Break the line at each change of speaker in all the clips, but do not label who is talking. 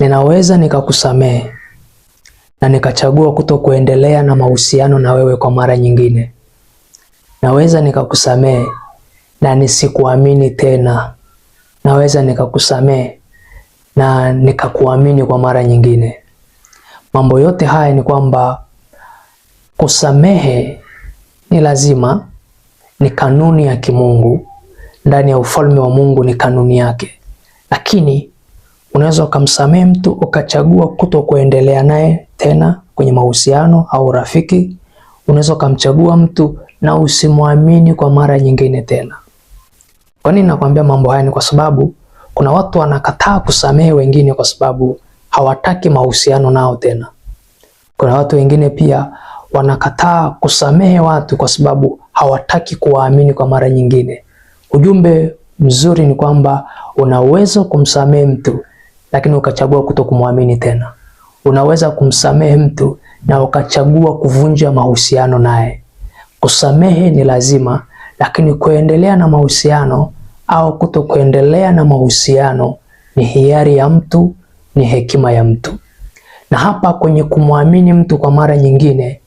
Ninaweza nikakusamehe na nikachagua kuto kuendelea na mahusiano na wewe kwa mara nyingine. Naweza nikakusamehe na nisikuamini tena. Naweza nikakusamehe na nikakuamini kwa mara nyingine. Mambo yote haya ni kwamba kusamehe ni lazima, ni kanuni ya kimungu. Ndani ya ufalme wa Mungu ni kanuni yake, lakini Unaweza ukamsamehe mtu ukachagua kuto kuendelea naye tena kwenye mahusiano au rafiki. Unaweza ukamchagua mtu na usimwamini kwa mara nyingine tena. Kwa nini nakwambia mambo haya? Ni kwa sababu kuna watu wanakataa kusamehe wengine kwa sababu hawataki mahusiano nao tena. Kuna watu wengine pia wanakataa kusamehe watu kwa sababu hawataki kuwaamini kwa mara nyingine. Ujumbe mzuri ni kwamba una uwezo kumsamehe mtu lakini ukachagua kuto kumwamini tena. Unaweza kumsamehe mtu na ukachagua kuvunja mahusiano naye. Kusamehe ni lazima, lakini kuendelea na mahusiano au kuto kuendelea na mahusiano ni hiari ya mtu, ni hekima ya mtu. Na hapa kwenye kumwamini mtu kwa mara nyingine,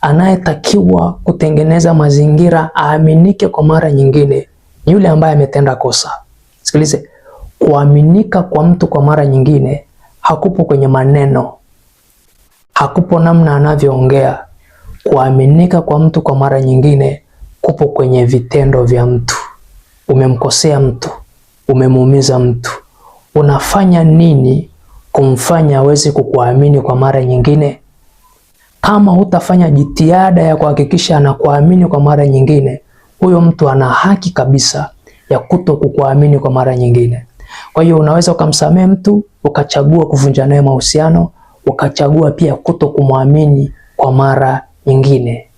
anayetakiwa kutengeneza mazingira aaminike kwa mara nyingine ni yule ambaye ametenda kosa. Sikilize, Kuaminika kwa mtu kwa mara nyingine hakupo kwenye maneno, hakupo namna anavyoongea. Kuaminika kwa mtu kwa mara nyingine kupo kwenye vitendo vya mtu. Umemkosea mtu, umemuumiza mtu, unafanya nini kumfanya aweze kukuamini kwa mara nyingine? Kama hutafanya jitihada ya kuhakikisha anakuamini kwa mara nyingine, huyo mtu ana haki kabisa ya kuto kukuamini kwa mara nyingine. Kwa hiyo unaweza ukamsamehe mtu ukachagua kuvunja naye mahusiano, ukachagua pia kuto kumwamini kwa mara nyingine.